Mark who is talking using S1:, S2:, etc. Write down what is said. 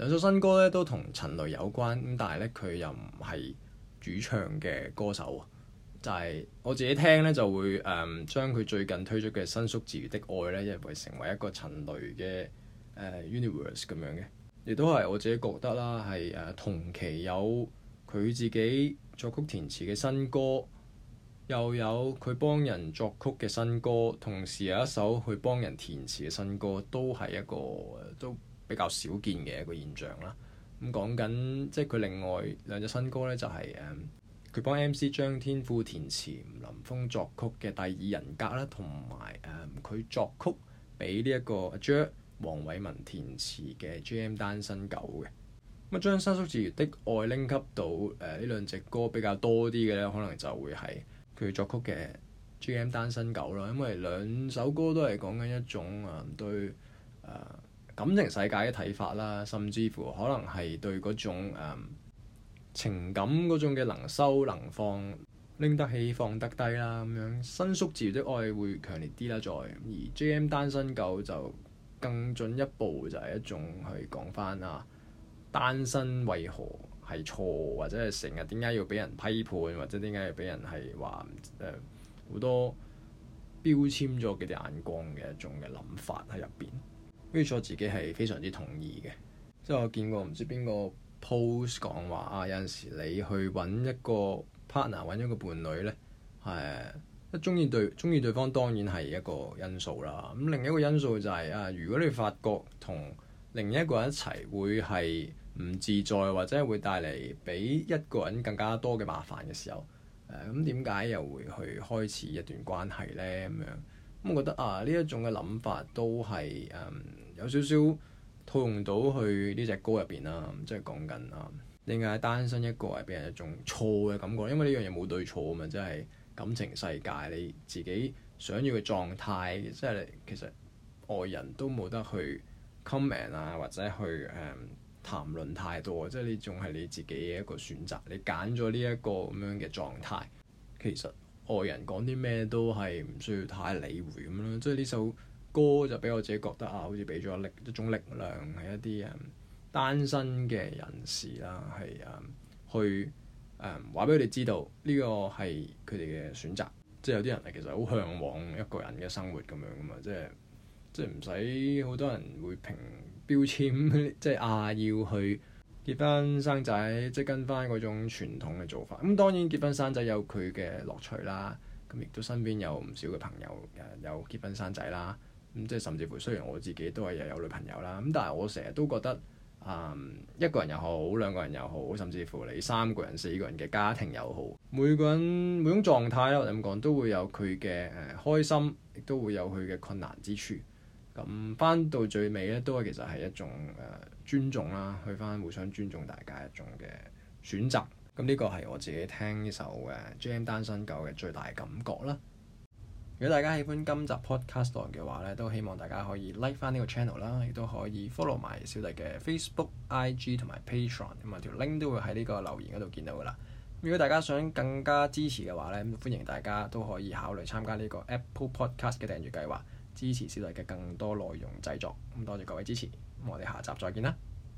S1: 兩首新歌咧都同陳蕾有關，咁但係咧佢又唔係主唱嘅歌手，就係我自己聽咧就會誒、呃、將佢最近推出嘅新宿自的愛咧，認為成為一個陳蕾嘅誒、呃、universe 咁樣嘅，亦都係我自己覺得啦，係誒、呃、同期有佢自己作曲填詞嘅新歌，又有佢幫人作曲嘅新歌，同時有一首去幫人填詞嘅新歌，都係一個都。比較少見嘅一個現象啦。咁講緊，即係佢另外兩隻新歌呢，就係誒佢幫 M.C. 張天賦填詞、林峯作曲嘅第二人格啦，同埋誒佢作曲俾呢一個阿 J. 黃偉文填詞嘅 JM 單身9嘅。咁、嗯、啊，張三叔自《的愛》拎級到誒呢、呃、兩隻歌比較多啲嘅呢，可能就會係佢作曲嘅 JM 單身9啦，因為兩首歌都係講緊一種啊、呃、對誒、呃感情世界嘅睇法啦，甚至乎可能係對嗰種誒、呃、情感嗰種嘅能收能放，拎得起放得低啦，咁樣伸縮自如的愛會強烈啲啦。再而 JM 單身狗就更進一步，就係一種去講翻啊，單身為何係錯，或者係成日點解要俾人批判，或者點解要俾人係話誒好多標籤咗嘅啲眼光嘅一種嘅諗法喺入邊。which 我自己係非常之同意嘅，即係我見過唔知邊個 post 講話啊，有陣時你去揾一個 partner 揾一個伴侶呢，係一鍾意對鍾意對方當然係一個因素啦。咁、嗯、另一個因素就係、是、啊，如果你發覺同另一個人一齊會係唔自在或者會帶嚟比一個人更加多嘅麻煩嘅時候，誒咁點解又會去開始一段關係呢？咁樣？咁、嗯、我覺得啊，呢一種嘅諗法都係誒、嗯、有少少套用到去呢隻歌入邊啦，即係講緊啊，點、嗯、解單身一個係俾人一種錯嘅感覺？因為呢樣嘢冇對錯啊嘛，即、就、係、是、感情世界你自己想要嘅狀態，即、就、係、是、你其實外人都冇得去 comment 啊，或者去誒、嗯、談論太多，即係呢種係你自己嘅一個選擇，你揀咗呢一個咁樣嘅狀態，其實。外人講啲咩都係唔需要太理會咁咯，即係呢首歌就俾我自己覺得啊，好似俾咗一力一種力量，係一啲啊、嗯、單身嘅人士啦，係啊、嗯、去誒話俾佢哋知道呢個係佢哋嘅選擇，即係有啲人誒其實好向往一個人嘅生活咁樣噶嘛，即係即係唔使好多人會評標籤，即係啊要去。結婚生仔，即跟翻嗰種傳統嘅做法。咁當然結婚生仔有佢嘅樂趣啦。咁亦都身邊有唔少嘅朋友誒，有結婚生仔啦。咁即係甚至乎，雖然我自己都係又有女朋友啦。咁但係我成日都覺得，嗯，一個人又好，兩個人又好，甚至乎你三個人、四個人嘅家庭又好，每個人每種狀態啦，我哋咁講都會有佢嘅誒開心，亦都會有佢嘅困難之處。咁翻到最尾咧，都係其實係一種誒尊重啦，去翻互相尊重大家一種嘅選擇。咁呢個係我自己聽呢首誒《JM 單身狗》嘅最大感覺啦。如果大家喜歡今集 Podcast 嘅話咧，都希望大家可以 like 翻呢個 channel 啦，亦都可以 follow 埋小弟嘅 Facebook、IG 同埋 Patron，咁啊條 link 都會喺呢個留言嗰度見到噶啦。如果大家想更加支持嘅話咧，咁歡迎大家都可以考慮參加呢個 Apple Podcast 嘅訂閱計劃。支持小弟嘅更多內容製作，咁多謝各位支持，我哋下集再見啦。